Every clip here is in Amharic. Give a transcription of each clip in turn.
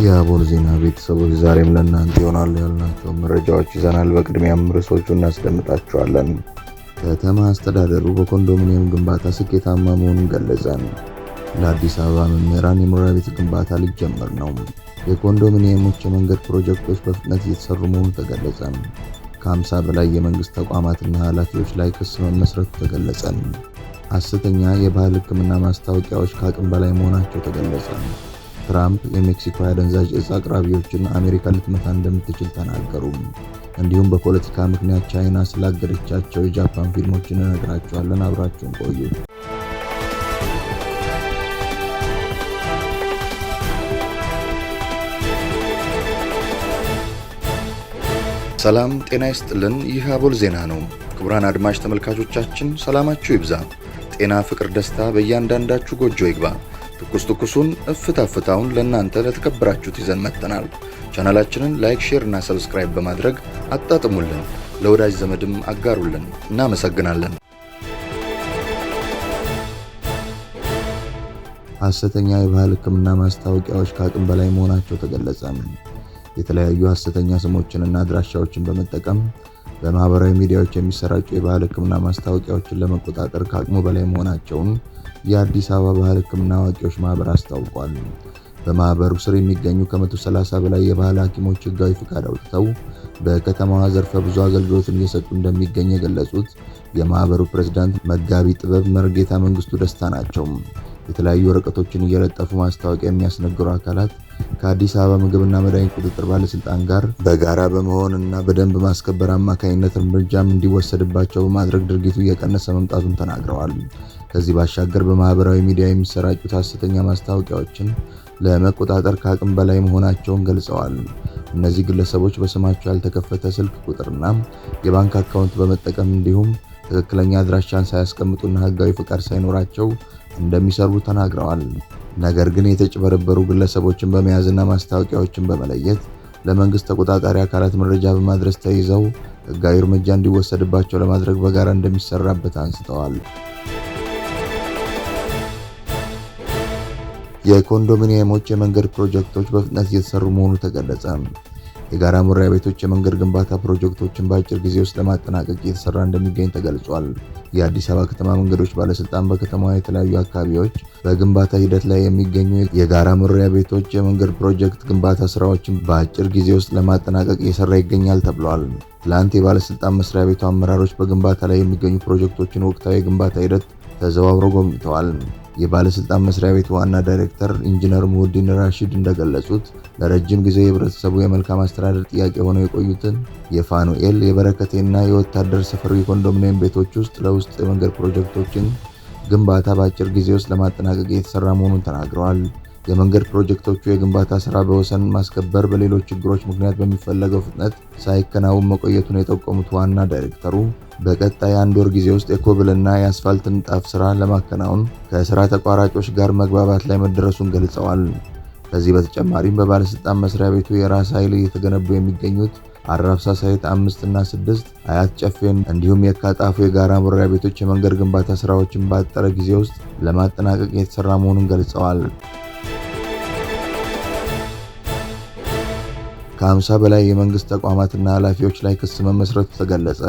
የአቦል ዜና ቤተሰቦች ዛሬም ለእናንተ ይሆናሉ ያልናቸው መረጃዎች ይዘናል። በቅድሚያም ርዕሶቹ እናስደምጣቸዋለን። ከተማ አስተዳደሩ በኮንዶሚኒየም ግንባታ ስኬታማ መሆኑን ገለጸን። ለአዲስ አበባ መምህራን የመኖሪያ ቤት ግንባታ ሊጀመር ነው። የኮንዶሚኒየሞች የመንገድ ፕሮጀክቶች በፍጥነት እየተሰሩ መሆኑ ተገለጸ። ከ50 በላይ የመንግሥት ተቋማትና ኃላፊዎች ላይ ክስ መመስረቱ ተገለጸን። ሐሰተኛ የባህል ሕክምና ማስታወቂያዎች ከአቅም በላይ መሆናቸው ተገለጸ። ትራምፕ የሜክሲኮ አደንዛዥ እጽ አቅራቢዎችን አሜሪካ ልትመታ እንደምትችል ተናገሩም እንዲሁም በፖለቲካ ምክንያት ቻይና ስላገደቻቸው የጃፓን ፊልሞችን እነግራችኋለን። አብራችሁን ቆዩ። ሰላም ጤና ይስጥልን። ይህ አቦል ዜና ነው። ክቡራን አድማጭ ተመልካቾቻችን ሰላማችሁ ይብዛ፣ ጤና፣ ፍቅር፣ ደስታ በእያንዳንዳችሁ ጎጆ ይግባ። ትኩስ ትኩሱን እፍታ ፍታውን ለእናንተ ለተከበራችሁት ይዘን መጥተናል። ቻናላችንን ላይክ፣ ሼር እና ሰብስክራይብ በማድረግ አጣጥሙልን፣ ለወዳጅ ዘመድም አጋሩልን። እናመሰግናለን። ሐሰተኛ የባህል ሕክምና ማስታወቂያዎች ከአቅም በላይ መሆናቸው ተገለጸ። የተለያዩ ሐሰተኛ ስሞችንና አድራሻዎችን በመጠቀም በማህበራዊ ሚዲያዎች የሚሰራጩ የባህል ህክምና ማስታወቂያዎችን ለመቆጣጠር ከአቅሙ በላይ መሆናቸውን የአዲስ አበባ ባህል ህክምና አዋቂዎች ማህበር አስታውቋል። በማህበሩ ስር የሚገኙ ከ130 በላይ የባህል ሐኪሞች ህጋዊ ፍቃድ አውጥተው በከተማዋ ዘርፈ ብዙ አገልግሎትን እየሰጡ እንደሚገኝ የገለጹት የማህበሩ ፕሬዝዳንት መጋቢ ጥበብ መርጌታ መንግስቱ ደስታ ናቸው። የተለያዩ ወረቀቶችን እየለጠፉ ማስታወቂያ የሚያስነግሩ አካላት ከአዲስ አበባ ምግብና መድኃኒት ቁጥጥር ባለስልጣን ጋር በጋራ በመሆን እና በደንብ ማስከበር አማካኝነት እርምጃም እንዲወሰድባቸው በማድረግ ድርጊቱ እየቀነሰ መምጣቱን ተናግረዋል። ከዚህ ባሻገር በማህበራዊ ሚዲያ የሚሰራጩት ሐሰተኛ ማስታወቂያዎችን ለመቆጣጠር ከአቅም በላይ መሆናቸውን ገልጸዋል። እነዚህ ግለሰቦች በስማቸው ያልተከፈተ ስልክ ቁጥርና የባንክ አካውንት በመጠቀም እንዲሁም ትክክለኛ አድራሻን ሳያስቀምጡና ሕጋዊ ፍቃድ ሳይኖራቸው እንደሚሰሩ ተናግረዋል። ነገር ግን የተጭበረበሩ ግለሰቦችን በመያዝና ማስታወቂያዎችን በመለየት ለመንግስት ተቆጣጣሪ አካላት መረጃ በማድረስ ተይዘው ህጋዊ እርምጃ እንዲወሰድባቸው ለማድረግ በጋራ እንደሚሰራበት አንስተዋል። የኮንዶሚኒየሞች የመንገድ ፕሮጀክቶች በፍጥነት እየተሰሩ መሆኑ ተገለጸ። የጋራ መኖሪያ ቤቶች፣ የመንገድ ግንባታ ፕሮጀክቶችን በአጭር ጊዜ ውስጥ ለማጠናቀቅ እየተሰራ እንደሚገኝ ተገልጿል። የአዲስ አበባ ከተማ መንገዶች ባለስልጣን በከተማዋ የተለያዩ አካባቢዎች በግንባታ ሂደት ላይ የሚገኙ የጋራ መኖሪያ ቤቶች፣ የመንገድ ፕሮጀክት ግንባታ ስራዎችን በአጭር ጊዜ ውስጥ ለማጠናቀቅ እየሰራ ይገኛል ተብሏል። ትላንት የባለስልጣን መስሪያ ቤቱ አመራሮች በግንባታ ላይ የሚገኙ ፕሮጀክቶችን ወቅታዊ የግንባታ ሂደት ተዘዋውረው ጎብኝተዋል። የባለስልጣን መስሪያ ቤት ዋና ዳይሬክተር ኢንጂነር ሙሁዲን ራሽድ እንደገለጹት ለረጅም ጊዜ የህብረተሰቡ የመልካም አስተዳደር ጥያቄ ሆነው የቆዩትን የፋኑኤል የበረከቴና የወታደር ሰፈር የኮንዶሚኒየም ቤቶች ውስጥ ለውስጥ የመንገድ ፕሮጀክቶችን ግንባታ በአጭር ጊዜ ውስጥ ለማጠናቀቅ የተሰራ መሆኑን ተናግረዋል። የመንገድ ፕሮጀክቶቹ የግንባታ ስራ በወሰን ማስከበር፣ በሌሎች ችግሮች ምክንያት በሚፈለገው ፍጥነት ሳይከናወን መቆየቱን የጠቆሙት ዋና ዳይሬክተሩ በቀጣይ አንድ ወር ጊዜ ውስጥ የኮብልና የአስፋልት ንጣፍ ስራ ለማከናወን ከስራ ተቋራጮች ጋር መግባባት ላይ መደረሱን ገልጸዋል። ከዚህ በተጨማሪም በባለስልጣን መስሪያ ቤቱ የራስ ኃይል እየተገነቡ የሚገኙት አራብሳ ሳይት አምስት እና ስድስት አያት ጨፌን እንዲሁም የካጣፉ የጋራ መኖሪያ ቤቶች የመንገድ ግንባታ ስራዎችን ባጠረ ጊዜ ውስጥ ለማጠናቀቅ የተሰራ መሆኑን ገልጸዋል። ከ50 በላይ የመንግስት ተቋማትና ኃላፊዎች ላይ ክስ መመስረቱ ተገለጸ።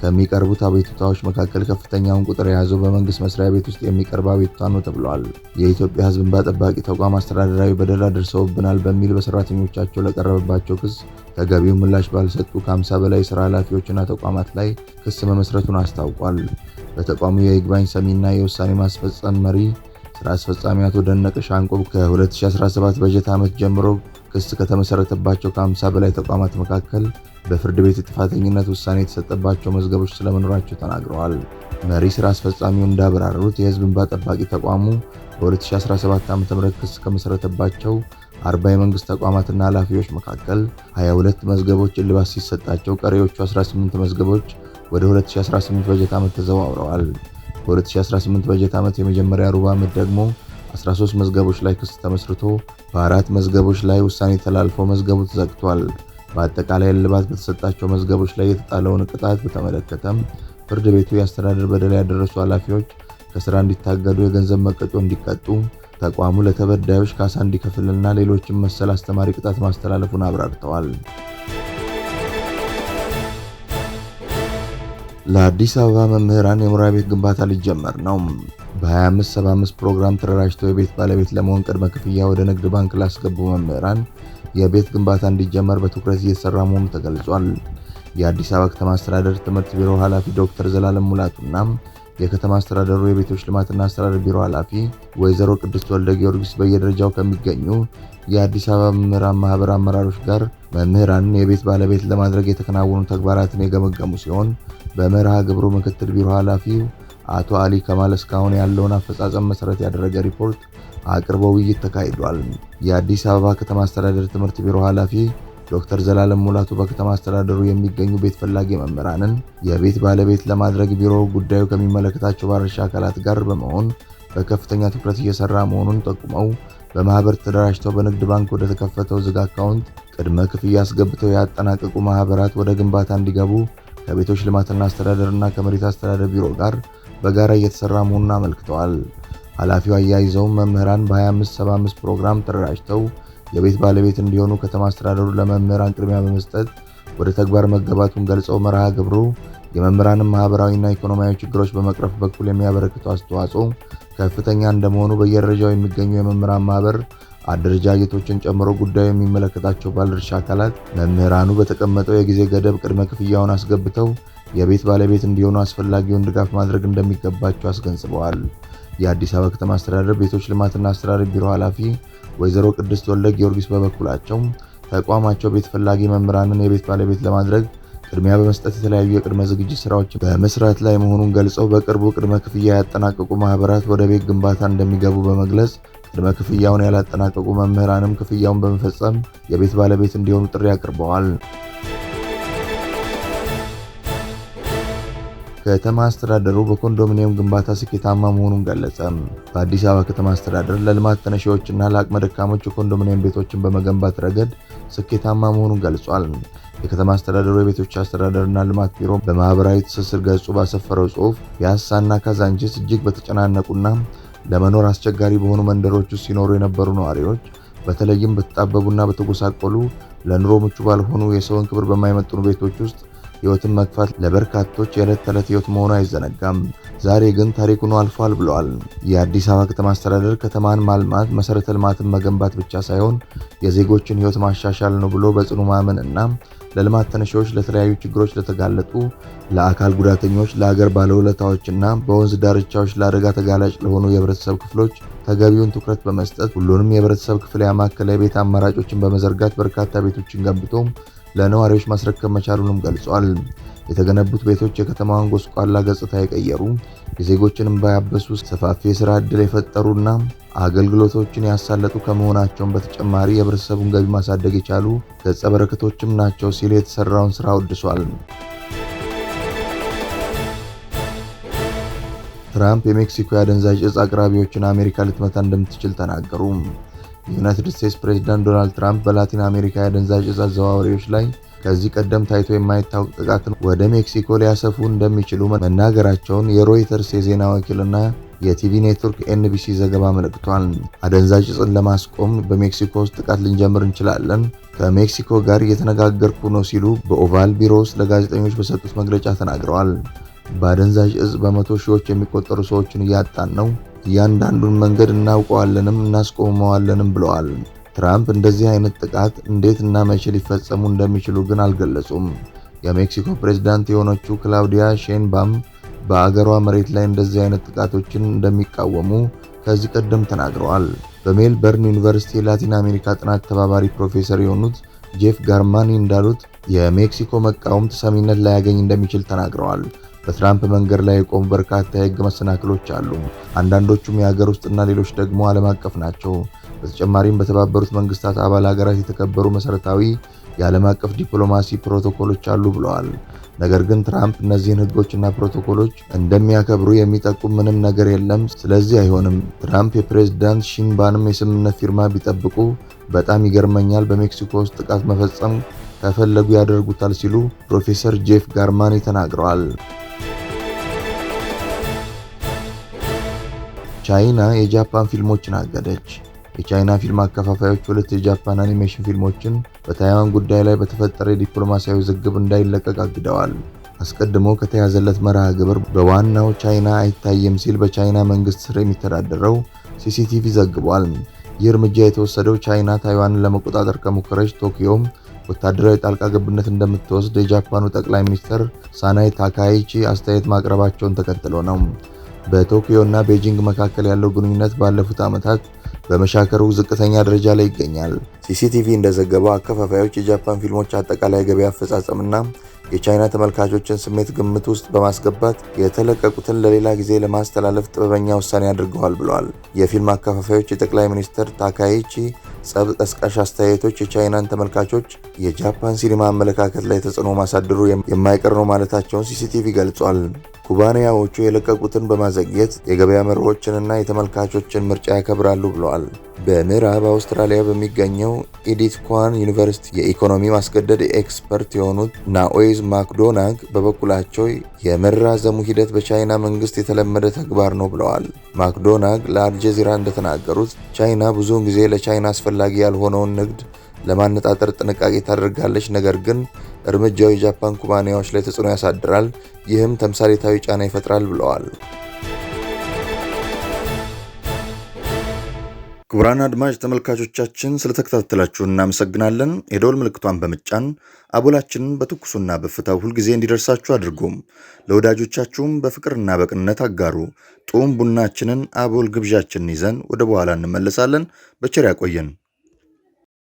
ከሚቀርቡት አቤቱታዎች መካከል ከፍተኛውን ቁጥር የያዘው በመንግስት መስሪያ ቤት ውስጥ የሚቀርብ አቤቱታ ነው ተብሏል። የኢትዮጵያ ሕዝብ እንባ ጠባቂ ተቋም አስተዳደራዊ በደል አድርሰውብናል በሚል በሰራተኞቻቸው ለቀረበባቸው ክስ ተገቢው ምላሽ ባልሰጡ ከ50 በላይ ስራ ኃላፊዎችና ተቋማት ላይ ክስ መመስረቱን አስታውቋል። በተቋሙ የይግባኝ ሰሚና የውሳኔ ማስፈጸም መሪ ስራ አስፈጻሚ አቶ ደነቀ ሻንቆብ ከ2017 በጀት ዓመት ጀምሮ ክስ ከተመሰረተባቸው ከ50 በላይ ተቋማት መካከል በፍርድ ቤት የጥፋተኝነት ውሳኔ የተሰጠባቸው መዝገቦች ስለመኖራቸው ተናግረዋል። መሪ ስራ አስፈጻሚው እንዳብራሩት የህዝብ እንባ ጠባቂ ተቋሙ በ2017 ም ክስ ከመሰረተባቸው 40 የመንግስት ተቋማትና ኃላፊዎች መካከል 22 መዝገቦች እልባት ሲሰጣቸው ቀሪዎቹ 18 መዝገቦች ወደ 2018 በጀት ዓመት ተዘዋውረዋል። በ2018 በጀት ዓመት የመጀመሪያ ሩብ ዓመት ደግሞ 13 መዝገቦች ላይ ክስ ተመስርቶ በአራት መዝገቦች ላይ ውሳኔ ተላልፎ መዝገቡ ተዘግቷል። በአጠቃላይ እልባት በተሰጣቸው መዝገቦች ላይ የተጣለውን ቅጣት በተመለከተም ፍርድ ቤቱ የአስተዳደር በደል ያደረሱ ኃላፊዎች ከስራ እንዲታገዱ፣ የገንዘብ መቀጮ እንዲቀጡ፣ ተቋሙ ለተበዳዮች ካሳ እንዲከፍልና ሌሎችም መሰል አስተማሪ ቅጣት ማስተላለፉን አብራርተዋል። ለአዲስ አበባ መምህራን የመኖሪያ ቤት ግንባታ ሊጀመር ነው። በ2575 ፕሮግራም ተደራጅተው የቤት ባለቤት ለመሆን ቅድመ ክፍያ ወደ ንግድ ባንክ ላስገቡ መምህራን የቤት ግንባታ እንዲጀመር በትኩረት እየተሰራ መሆኑ ተገልጿል። የአዲስ አበባ ከተማ አስተዳደር ትምህርት ቢሮ ኃላፊ ዶክተር ዘላለም ሙላቱና የከተማ አስተዳደሩ የቤቶች ልማትና አስተዳደር ቢሮ ኃላፊ ወይዘሮ ቅድስት ወልደ ጊዮርጊስ በየደረጃው ከሚገኙ የአዲስ አበባ መምህራን ማህበር አመራሮች ጋር መምህራንን የቤት ባለቤት ለማድረግ የተከናወኑ ተግባራትን የገመገሙ ሲሆን በመርሃ ግብሩ ምክትል ቢሮ ኃላፊው አቶ አሊ ከማል እስካሁን ያለውን አፈጻጸም መሰረት ያደረገ ሪፖርት አቅርበው ውይይት ተካሂዷል። የአዲስ አበባ ከተማ አስተዳደር ትምህርት ቢሮ ኃላፊ ዶክተር ዘላለም ሙላቱ በከተማ አስተዳደሩ የሚገኙ ቤት ፈላጊ መምህራንን የቤት ባለቤት ለማድረግ ቢሮ ጉዳዩ ከሚመለከታቸው ባለድርሻ አካላት ጋር በመሆን በከፍተኛ ትኩረት እየሰራ መሆኑን ጠቁመው በማህበር ተደራጅተው በንግድ ባንክ ወደ ተከፈተው ዝግ አካውንት ቅድመ ክፍያ አስገብተው ያጠናቀቁ ማህበራት ወደ ግንባታ እንዲገቡ ከቤቶች ልማትና አስተዳደርና ከመሬት አስተዳደር ቢሮ ጋር በጋራ እየተሰራ መሆኑን አመልክተዋል። ኃላፊው አያይዘውም መምህራን በ2575 ፕሮግራም ተደራጅተው የቤት ባለቤት እንዲሆኑ ከተማ አስተዳደሩ ለመምህራን ቅድሚያ በመስጠት ወደ ተግባር መገባቱን ገልጸው መርሃ ግብሩ የመምህራንን ማህበራዊና ኢኮኖሚያዊ ችግሮች በመቅረፍ በኩል የሚያበረክተው አስተዋጽኦ ከፍተኛ እንደመሆኑ በየደረጃው የሚገኙ የመምህራን ማህበር አደረጃጀቶችን ጨምሮ ጉዳዩ የሚመለከታቸው ባለድርሻ አካላት መምህራኑ በተቀመጠው የጊዜ ገደብ ቅድመ ክፍያውን አስገብተው የቤት ባለቤት እንዲሆኑ አስፈላጊውን ድጋፍ ማድረግ እንደሚገባቸው አስገንዝበዋል። የአዲስ አበባ ከተማ አስተዳደር ቤቶች ልማትና አስተዳደር ቢሮ ኃላፊ ወይዘሮ ቅድስት ወልደ ጊዮርጊስ በበኩላቸው ተቋማቸው ቤት ፈላጊ መምህራንን የቤት ባለቤት ለማድረግ ቅድሚያ በመስጠት የተለያዩ የቅድመ ዝግጅት ስራዎች በመስራት ላይ መሆኑን ገልጸው በቅርቡ ቅድመ ክፍያ ያጠናቀቁ ማህበራት ወደ ቤት ግንባታ እንደሚገቡ በመግለጽ ቅድመ ክፍያውን ያላጠናቀቁ መምህራንም ክፍያውን በመፈጸም የቤት ባለቤት እንዲሆኑ ጥሪ አቅርበዋል። ከተማ አስተዳደሩ በኮንዶሚኒየም ግንባታ ስኬታማ መሆኑን ገለጸ። በአዲስ አበባ ከተማ አስተዳደር ለልማት ተነሺዎችና ለአቅመ ደካሞች የኮንዶሚኒየም ቤቶችን በመገንባት ረገድ ስኬታማ መሆኑን ገልጿል። የከተማ አስተዳደሩ የቤቶች አስተዳደርና ልማት ቢሮ በማህበራዊ ትስስር ገጹ ባሰፈረው ጽሁፍ ፒያሳና ካዛንጅስ እጅግ በተጨናነቁና ለመኖር አስቸጋሪ በሆኑ መንደሮች ውስጥ ሲኖሩ የነበሩ ነዋሪዎች በተለይም በተጣበቡና በተጎሳቆሉ ለኑሮ ምቹ ባልሆኑ የሰውን ክብር በማይመጥኑ ቤቶች ውስጥ ህይወትን መግፋት ለበርካቶች የዕለት ተዕለት ህይወት መሆኑ አይዘነጋም። ዛሬ ግን ታሪክ ሆኖ አልፏል ብለዋል። የአዲስ አበባ ከተማ አስተዳደር ከተማን ማልማት መሰረተ ልማትን መገንባት ብቻ ሳይሆን የዜጎችን ህይወት ማሻሻል ነው ብሎ በጽኑ ማመን እና ለልማት ተነሺዎች፣ ለተለያዩ ችግሮች ለተጋለጡ፣ ለአካል ጉዳተኞች፣ ለአገር እና በወንዝ ዳርቻዎች ለአደጋ ተጋላጭ ለሆኑ የህብረተሰብ ክፍሎች ተገቢውን ትኩረት በመስጠት ሁሉንም የህብረተሰብ ክፍል ያማከለ ቤት አማራጮችን በመዘርጋት በርካታ ቤቶችን ገንብቶ ለነዋሪዎች ማስረከብ መቻሉንም ገልጿል። የተገነቡት ቤቶች የከተማዋን ጎስቋላ ገጽታ የቀየሩ፣ የዜጎችን ባያበሱ ሰፋፊ የስራ ዕድል የፈጠሩና አገልግሎቶችን ያሳለጡ ከመሆናቸውም በተጨማሪ የህብረተሰቡን ገቢ ማሳደግ የቻሉ ገጸ በረከቶችም ናቸው ሲል የተሰራውን ስራ አወድሷል። ትራምፕ የሜክሲኮ የአደንዛዥ እጽ አቅራቢዎችን አሜሪካ ልትመታ እንደምትችል ተናገሩ። የዩናይትድ ስቴትስ ፕሬዚዳንት ዶናልድ ትራምፕ በላቲን አሜሪካ የአደንዛዥ እጽ አዘዋዋሪዎች ላይ ከዚህ ቀደም ታይቶ የማይታወቅ ጥቃትን ወደ ሜክሲኮ ሊያሰፉ እንደሚችሉ መናገራቸውን የሮይተርስ የዜና ወኪልና የቲቪ ኔትወርክ ኤንቢሲ ዘገባ አመልክቷል። አደንዛዥ እጽን ለማስቆም በሜክሲኮ ውስጥ ጥቃት ልንጀምር እንችላለን፣ ከሜክሲኮ ጋር እየተነጋገርኩ ነው ሲሉ በኦቫል ቢሮ ውስጥ ለጋዜጠኞች በሰጡት መግለጫ ተናግረዋል። በአደንዛዥ እጽ በመቶ ሺዎች የሚቆጠሩ ሰዎችን እያጣን ነው እያንዳንዱን መንገድ እናውቀዋለንም እናስቆመዋለንም ብለዋል። ትራምፕ እንደዚህ አይነት ጥቃት እንዴት እና መቼ ሊፈጸሙ እንደሚችሉ ግን አልገለጹም። የሜክሲኮ ፕሬዝዳንት የሆነችው ክላውዲያ ሼንባም በአገሯ መሬት ላይ እንደዚህ አይነት ጥቃቶችን እንደሚቃወሙ ከዚህ ቀደም ተናግረዋል። በሜልበርን ዩኒቨርሲቲ የላቲን አሜሪካ ጥናት ተባባሪ ፕሮፌሰር የሆኑት ጄፍ ጋርማኒ እንዳሉት የሜክሲኮ መቃወም ተሰሚነት ላያገኝ እንደሚችል ተናግረዋል። በትራምፕ መንገድ ላይ የቆሙ በርካታ የህግ መሰናክሎች አሉ። አንዳንዶቹም የሀገር ውስጥና ሌሎች ደግሞ ዓለም አቀፍ ናቸው። በተጨማሪም በተባበሩት መንግስታት አባል ሀገራት የተከበሩ መሰረታዊ የዓለም አቀፍ ዲፕሎማሲ ፕሮቶኮሎች አሉ ብለዋል። ነገር ግን ትራምፕ እነዚህን ህጎችና ፕሮቶኮሎች እንደሚያከብሩ የሚጠቁም ምንም ነገር የለም። ስለዚህ አይሆንም። ትራምፕ የፕሬዝዳንት ሺንባንም የስምምነት ፊርማ ቢጠብቁ በጣም ይገርመኛል። በሜክሲኮ ውስጥ ጥቃት መፈጸም ከፈለጉ ያደርጉታል ሲሉ ፕሮፌሰር ጄፍ ጋርማኒ ተናግረዋል። ቻይና የጃፓን ፊልሞችን አገደች። የቻይና ፊልም አከፋፋዮች ሁለት የጃፓን አኒሜሽን ፊልሞችን በታይዋን ጉዳይ ላይ በተፈጠረ የዲፕሎማሲያዊ ዝግብ እንዳይለቀቅ አግደዋል። አስቀድሞ ከተያዘለት መርሃ ግብር በዋናው ቻይና አይታይም ሲል በቻይና መንግስት ስር የሚተዳደረው ሲሲቲቪ ዘግቧል። ይህ እርምጃ የተወሰደው ቻይና ታይዋንን ለመቆጣጠር ከሞከረች ቶኪዮም ወታደራዊ ጣልቃ ገብነት እንደምትወስድ የጃፓኑ ጠቅላይ ሚኒስትር ሳናይ ታካይቺ አስተያየት ማቅረባቸውን ተከትሎ ነው። በቶኪዮ እና ቤጂንግ መካከል ያለው ግንኙነት ባለፉት ዓመታት በመሻከሩ ዝቅተኛ ደረጃ ላይ ይገኛል። ሲሲቲቪ እንደዘገበው አከፋፋዮች የጃፓን ፊልሞች አጠቃላይ ገበያ አፈጻጸምና የቻይና ተመልካቾችን ስሜት ግምት ውስጥ በማስገባት የተለቀቁትን ለሌላ ጊዜ ለማስተላለፍ ጥበበኛ ውሳኔ አድርገዋል ብለዋል። የፊልም አከፋፋዮች የጠቅላይ ሚኒስትር ታካይቺ ጸብ ቀስቃሽ አስተያየቶች የቻይናን ተመልካቾች የጃፓን ሲኒማ አመለካከት ላይ ተጽዕኖ ማሳደሩ የማይቀር ነው ማለታቸውን ሲሲቲቪ ገልጿል። ኩባንያዎቹ የለቀቁትን በማዘግየት የገበያ መርሆችንና የተመልካቾችን ምርጫ ያከብራሉ ብለዋል። በምዕራብ አውስትራሊያ በሚገኘው ኢዲት ኳን ዩኒቨርሲቲ የኢኮኖሚ ማስገደድ ኤክስፐርት የሆኑት ናኦይዝ ማክዶናግ በበኩላቸው የመራዘሙ ሂደት በቻይና መንግስት የተለመደ ተግባር ነው ብለዋል። ማክዶናግ ለአልጀዚራ እንደተናገሩት ቻይና ብዙውን ጊዜ ለቻይና አስፈላጊ ያልሆነውን ንግድ ለማነጣጠር ጥንቃቄ ታደርጋለች፣ ነገር ግን እርምጃው የጃፓን ኩባንያዎች ላይ ተጽዕኖ ያሳድራል፣ ይህም ተምሳሌታዊ ጫና ይፈጥራል ብለዋል። ክቡራን አድማጭ ተመልካቾቻችን ስለተከታተላችሁ እናመሰግናለን። የደወል ምልክቷን በምጫን አቦላችንን በትኩሱና በእፍታው ሁልጊዜ እንዲደርሳችሁ አድርጉም። ለወዳጆቻችሁም በፍቅርና በቅንነት አጋሩ። ጡም ቡናችንን አቦል ግብዣችንን ይዘን ወደ በኋላ እንመለሳለን። በቸር ያቆየን።